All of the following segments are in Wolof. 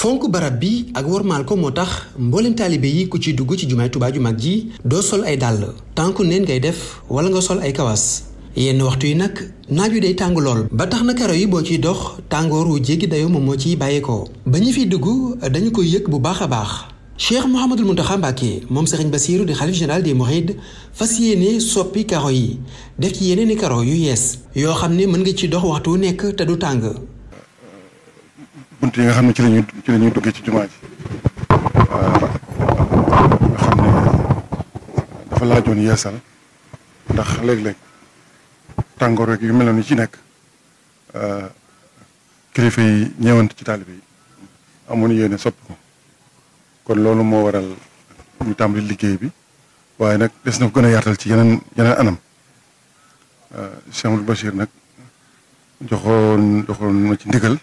fonk barab bi ak wormaal ko moo tax mbooleem taalibe yi ku ci dugg ci jumaay Tuubaa ju mag ji doo sol ay dàll tànku neen ngay def wala nga sol ay kawas yenn waxtu yi nag naaj wi day tàng lool ba tax na karo yi boo ciy dox tàngoor wu jéggi dayo moom moo ciy bàyyeekoo ba ñu fiy dugg dañu koy yëg bu baax a baax Cheikh Mouhamadul Mountakha Mbacké moom ba Bassirou di xalif général des Mourides fas yéene soppi karo yi def ci yeneen i karo yu yees yoo xam ne mën nga ci dox waxtu wu nekk te du tàng bunt yi nga xam ne ci lañuy ci la ñuy ci jumaa ji nga xam ne dafa laajoon yeesal ndax léeg-léeg tàngoor rek yu mel ni ci nekk eh, kilifa yi ñeewante ci taalibe yi amoon yéene sopp ko kon loolu moo waral ñu tàmbali liggéey bi waaye nag des na ko gën a yaatal ci yeneen yeneen anam eh, Cheikh Bachir nag joxoon joxoon ma ci ndigal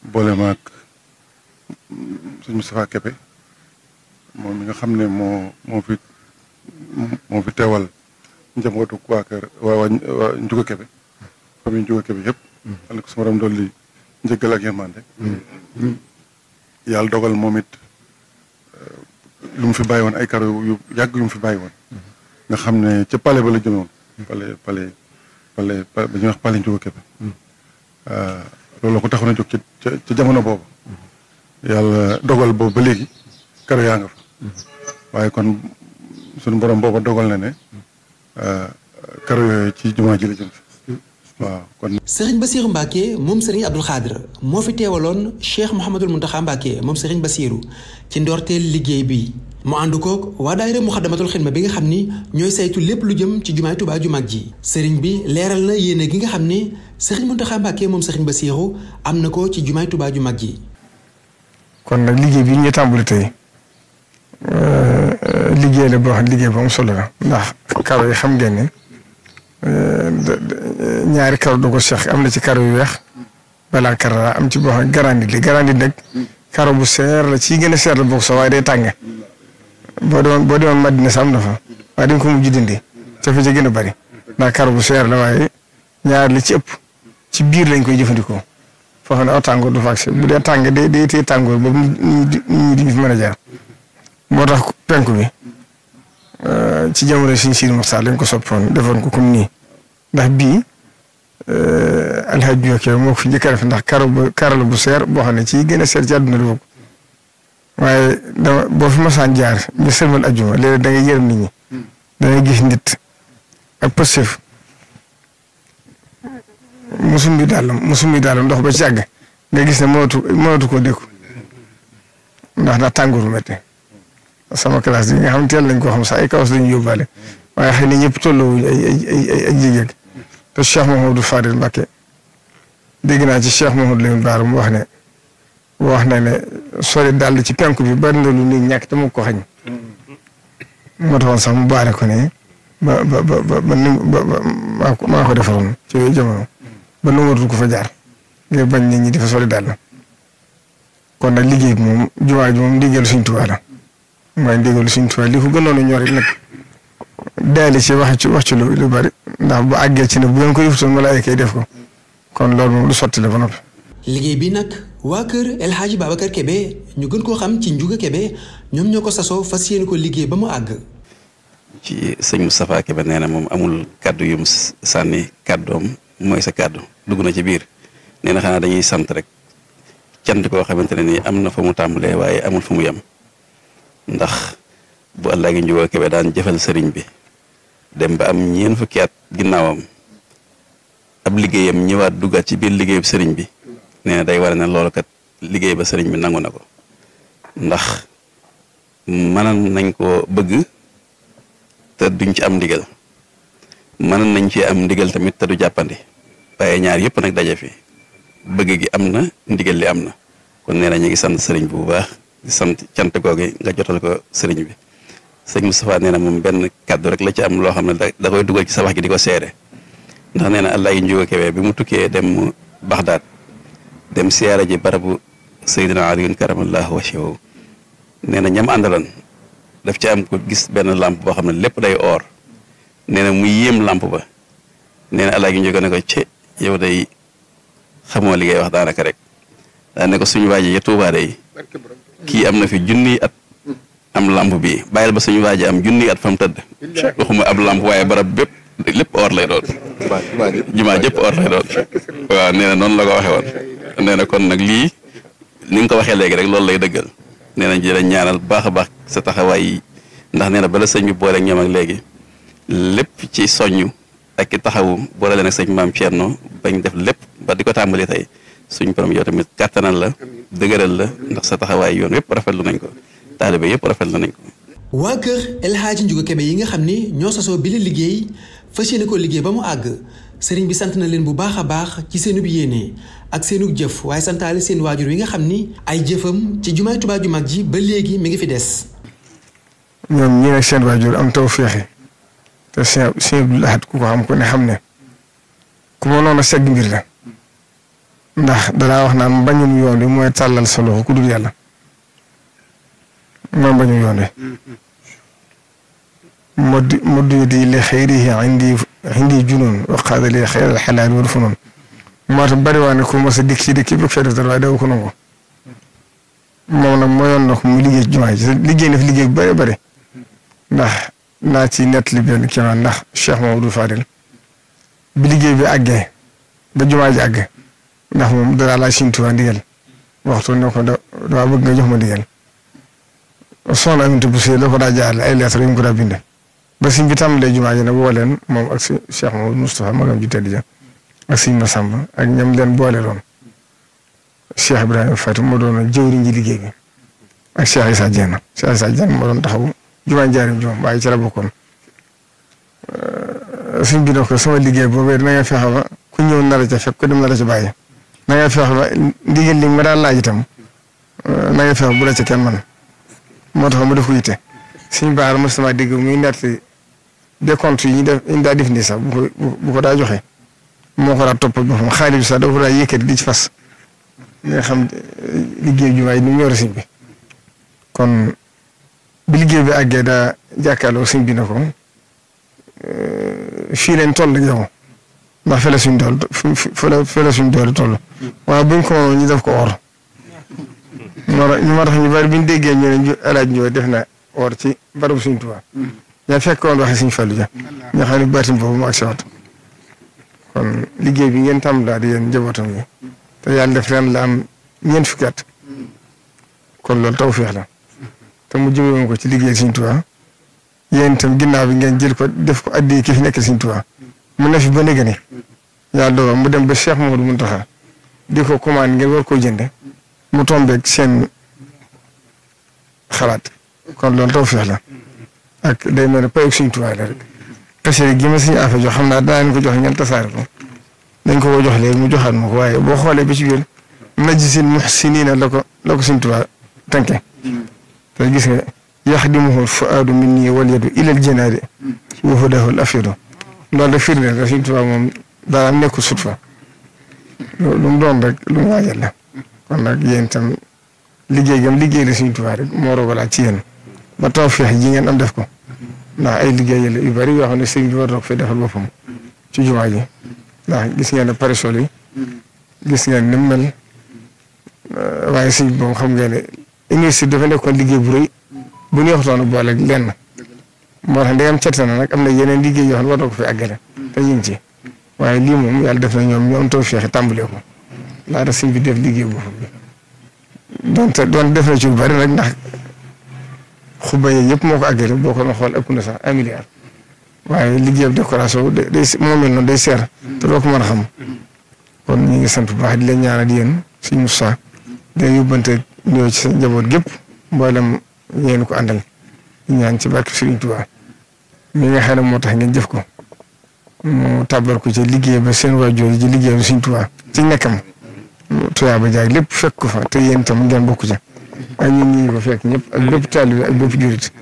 boole maag sëñ Moustapha Keppe moom mi nga xam ne moo moo fi moo fi teewal njabootu waa kër waa waa Njuga Keppe famille Njuga Keppe yëpp. xam ko su ma doon dolli njëggal ak yërmande. yàlla dogal moom it euh, lu mu fi bàyyi woon ay kar yu yàgg yum mu fi bàyyi woon. nga xam ne ca pale ba la jëme woon. palais ba ñuy wax palais Njuga loolu ko taxoon a jóg ca jamono boobu yàlla dogal boobu ba léegi karo yaa fa waaye kon suñu borom booba dogal na ne euh, karo ci jumaa ji la jëm waaw kon. Serigne Bassirou Mbacke moom Serigne Abdoul Khadr moo fi teewaloon Cheikh Mouhamadul Mountakha Mbacke moom Serigne Bassirou ci ndorteel liggéey bi mu ànd koog waa daayira Muxaddamatul Xidma bi nga xam ni ñooy saytu lépp lu jëm ci jumaay Tuubaa ju mag ji. sëriñ bi leeral na yéene gi nga xam ni sëriñ Mountakha Mbacké moom sëriñ Bassirou am na ko ci jumaay Touba mag ji. kon nag liggéey bi ñu tàmbali euh, liggéey la boo xam liggéey bu am solo karo yi xam ngeen euh, ñaari karo du ko seex am na ci karo yu weex balaa karo la am ci boo xam garanti li garanti nag karo bu seer la ci gën a seer la bokk sa waaye day tànge boo demoon boo demoon Madina am na fa waaye dañ ko mujj dindi ca fa ca gën a bari ndax karo bu seer la waaye ñaar li ci ëpp. ci biir lañ koy jëfandikoo foofu ne aw tàngoor du fa agsi bu dee tàng day day téye tàngoor boobu ñu di ñu fi mën a jaar moo tax penku bi euh, ci jamono suñ siir Muxtaar lañ ko soppoon defoon ko comme nii ndax bii euh, alhaj yokkee moo ko ndax karo bu bu seer boo xam ne ci gën a seer ci àdduna bi waaye dama jaar ñu sërmal ajjuma léeg-léeg da ngay yërëm nit ñi da gis nit ak pëstef mu summi dàllam mu summi dàllam ndox ba ci àgg nga gis ne mënatu mënatu koo dékku ndax ndax tàngooru métti sama classe bi nga xam teel nañ koo xam sax ay kawas lañu yóbbaale waaye xëy na ñëpp tolloowuñu ay ay ay ay jigéen te Cheikh Mouhamadou Fadil Mbacké dégg naa ci Cheikh Mouhamadou Lamine Bara mu wax ne wax na ne sori dàll ci penku bi bari na lu nit ñàkk te mu ko xañ moo taxoon sax mu baale ko ne ba ba ba ba maa ko defaroon ci yooyu jamono ba nangatul ko fa jaar ngir bañ nit ñi di fa soli daal kon nag liggéey bi moom jumaa ji moom ndigalu Sëriñ Tuubaa la mooy ndigalu Sëriñ Tuubaa li ko gënoon wax ci wax lu lu bari ndax bu àggee ci ne bu ngeen ko yëfutoon malaayika yi def kon loolu lu sotti la liggéey bi nag waa kër El Hadj Babacar ñu gën koo xam ci Ndiouga Kébé ñoom ñoo ko sasoo fas yéene ko liggéey ba mu àgg. ci sëñ Moustapha Kébé nee moom amul kàddu yu mu sànni kàddoom moy sa cadeau duguna na ci bir neena na dañuy sant rek cyant ko xamante ni amna fa mu tambule waye amul fa mu yam ndax bu allah gi ñu kebe daan jëfël sëriñ bi dem ba am ñeen fukki at ginnawam ab liggéeyam ñëwaat duggaat ci biir liggéeyub sëriñ bi neena day war na loolu kat liggéey ba sëriñ bi nangu ko ndax manan nañ ko bëgg te duñ ci am ndigal manan nañ ci am ndigal tamit te du jappandi waaye ñaar yëpp nag dajafe bëgg gi am na ndigal li am na kon nee na ñu ngi sant sëriñ bu baax di sant cant googu nga jotal ko sëriñ bi sëñ Moustapha nee na moom benn kàddu rek la ci am loo xam ne da koy dugal ci sa wax gi di ko seere ndax nee na allah yi njuga kewee bi mu tukkee dem Baxdaad dem siyaara ji barabu Seydina Aliyun karamallahu wajhahu nee na ñam àndaloon daf ci am gis benn làmp boo xam ne lépp day oor nee na mu yéem làmp ba nee na allah yi njuga ne ko ci yow day xamoo li ngay wax daanaka rek daa ne ko suñu waaji ya Tuubaa day kii am na fi junniy at hmm. am làmp bi bàyyil ba suñu waaji am junniy at fam tëdd waxuma ab lamp waaye barab bépp lépp or lay doon jumaa jëpp waaw nee noonu la ko waxe woon nee na kon nag lii ni nga ko waxee léegi rek loolu lay dëggal nee na jërë ñaanal baax a baax sa taxawaay yi ndax nee na bala sëñ bi boole ñoom ak léegi lépp ci soññ ak ki taxawu boole leen ak sëñ maam Thierno bañ def lépp ba di ko tàmbali tey suñ borom yow tamit kàttanal la dëgëral la ndax sa taxawaay yoon yëpp rafetlu nañ ko taalibe yëpp rafetlu nañ ko. waa kër El Hadji Ndiouga yi nga xam ni ñoo sasoo bi la liggéey fas yéene ko liggéey ba mu àgg sëriñ bi sant na leen bu baax a baax ci seenub yéene ak seenu jëf waaye santaale seen waajur yi nga xam ni ay jëfam ci jumaay Tuubaa ju mag ji ba léegi mi ngi fi des. ñoom ñii ak seen waajur am tawféexe te sëñ sëñ Abdul Ahad ku ko xam ko ne xam ne ku ma noonu segg mbir la ndax danaa wax naan mbañum yoon wi mooy tàllal sa loxo ku dul yàlla mooy mbañum yoon wi modd modd yadi li xayrihi indi indi junoon waqaada li xayr al xalaal wal funoon moo tax bari waa ne ku mos a dikk ci dëkk bi fay def dara waaye daw ko nangu moom nag moo yoon na ko mu liggéey jumaa ji liggéey na fi liggéey bu bari bari ndax naa ci nettali benn kéemaan ndax Cheikh Mamadou Fadil bi liggéey bi àggee ba jumaa ji àgg ndax moom danaa laaj Sëriñ Tuubaa ndigal waxtu ne ko da daa bëgg nga jox ma ndigal soxna Aminata Bousso la ko daa jaarale ay lettre yu mu ko daa bind ba Sëriñ bi tàmbalee jumaa ji nag woo leen moom ak si Cheikh Mamadou Moustapha magam ju tedd ja ak Sëriñ Massamba ak ñam leen boole loon Cheikh Ibrahima Fatim moo doon jëwriñ ji liggéey bi ak Cheikh Issa Dieng Cheikh Issa Dieng moo taxaw jumaa njaarim jumaa waaye ci la bokkoon euh, suñ bi ne ko sama liggéey boobee na nga fexe ba ku ñëw nar a ca fekk ku dem nar a ca bàyyi na nga fexe ba ndigal li ma daan laaj itam euh, na nga fexe bu la ca kenn man moo tax ma def ko yitte suñ baar ma sama dégg muy netti des comptes yi ñu def ñu daa def nii sax bu ko bu ko daa joxe moo ko daa toppal boppam xaalis bi sax dafa daa yëkkati di ci fas nga xam liggéey jumaa yi ni mu yor bi bi liggéey bi àggee daa jàkkaarloo sëñ bi ne ko fii leen toll ak yow ndax fële suñ dool fële fële suñ dool toll waaye buñ ko ñu def ko or moo ñu ma tax ñu bari biñ déggee ñu ne alaaj ñu def na or ci barabu suñ Tuubaa ñaa fekkoon waxe suñ Fallu ja ñoo xam ne baatin boobu mu ak si wat kon liggéey bi ngeen tàmm daal di yéen njabootam yi te yàlla def ren la am ñeent fukki at kon loolu tawfeex la te mu jëmee ko ci liggéeyal Sëriñ Tuubaa yéen itam ginnaaw bi ngeen jël ko def ko addi ki fi nekk Sëriñ Tuubaa mu ne fi ba léegi ni yaa dogal mu dem ba Cheikh Mamadou Mountakha di ko commande ngeen war koo jënde mu tombeeg seen xalaat kon loolu tawfeex la ak day mel ne payu Sëriñ Tuubaa la rek xasee gi ma suñu affaire jox xam naa danaa leen ko jox ngeen tasaare ko dañ ko ko jox léegi mu joxaat ma ko waaye boo xoolee ba ci biir najsin muhsiniina la ko la ko Sëriñ Tuubaa tànkee gis nga yaxdimuhu fuaadu min nii wal yadu ilal jinaade wa hudahu al afidu loolu rek firnde la Sëriñ Tuubaa moom daa am nekkul sut fa lu doon rek lu mu waajal kon nag yéen itam liggéey gam liggéey la Sëriñ Tuubaa rek moo rogalaa ci yéen ba tawfeex ji ngeen am def ko ndax ay liggéeyal yu bëri yoo xam ne sëriñ bi war na ko defal boppam ci jumaa gis ngeen ne parasol yi gis ngeen ni mu waaye sëriñ bi xam ngeen université dafa nekkoon liggéey bu rëy bu neexutoon a boole lenn moo tax ndegam cet na nag am na yeneen liggéey yoo xam ne war na ko fi àggale te yéen ci waaye lii moom yàlla def na ñoom ñoom tawfeex tàmbalee ko laata sëñ bi def liggéey boobu donte doon def na ci lu bari nag ndax xuba yi yëpp moo ko àggale boo ko doon xool ëpp na sax un milliard waaye liggéeyam décoration day moo mel day seer te ko mën a xam kon ñu ngi sant bu baax di leen ñaanal yéen suñu Moussa di leen yóbbante ñëw ci sa njaboot gépp mboolem yéen ko àndal ñaan ci barke Sëriñ Tuubaa mi nga xam ne moo tax ngeen jef ko mu tàbbal ko ci liggéey ba seen waajur ji liggéey ba Sëriñ Tuubaa ci nekkam tuyaa ba jaag lépp fekk ko fa te yéen tam ngeen bokk ci ak ñun ñii ko fekk ñëpp ak bépp taalibe ak bépp jurit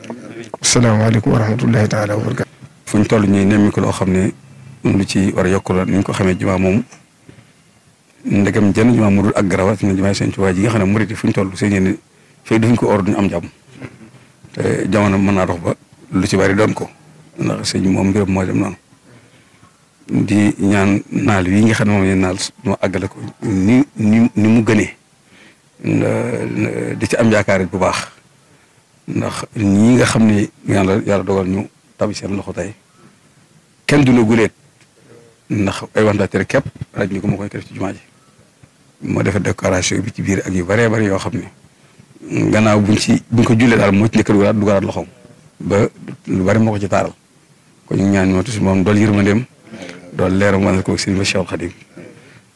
asalaamaaleykum wa rahmatullahi taala wa barakaatu. fu ñu toll nii nemmi ko loo xam ne lu ci war a yokk la ni ñu ko xamee jumaa moom ndegam jenn jumaa mu dul ak garawaat fi mu ne jumaay seen Tuubaa ji nga xam ne murit yi fu ñu toll seen yéene fekk duñ ko or am jàmm jamono mën naa dox ba lu ci bari doon ko ndax sëñ moom mbiram moo dem noonu di ñaan naal yi nga xam ne moom la naal moo àggale ko ni ni ni mu gënee di ci am yaakaar bu baax ndax ñi nga xam ne yàlla yàlla dogal ñu tabi seen loxo tey kenn du la guleet ndax ay wantaati rek képp raj ñu ko moo koy def ci jumaa ji moo def décoration bi ci biir ak yu bëree bëri yoo xam ne gannaaw buñ ci buñ ko jullee daal moo ci njëkk a dugalaat loxoom ba lu bëri moo ko ci taaral ñaan ñoo tuuti moom dool yërmandeem dool leeram wala ko sëriñ ba Cheikhul Khadim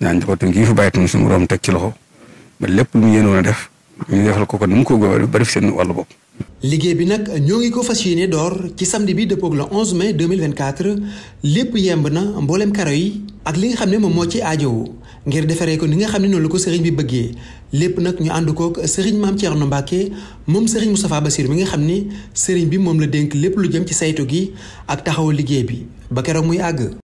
ñaan njabootam gi fi bàyyi tam suñu borom teg ci loxo ba lépp lu mu yéen woon a def ñu defal ko ko ni mu ko góobee bari fi seen wàllu bopp. liggéey bi nag ñoo ngi ko fas yéene door ci samedi bi dëppoog le 11 mai 2024 lépp yemb na mboolem karo yi ak li nga xam ne moom moo ci aajowu ngir defaree ko ni nga xam ne noonu la ko sëriñ bi bëggee lépp nag ñu ànd kook sëriñ maam Thierno Mbacke moom sëriñ Moustapha Bassirou mi nga xam ni sëriñ bi moom la dénk lépp lu jëm ci saytu gi ak taxawu liggéey bi ba keroog muy àgg.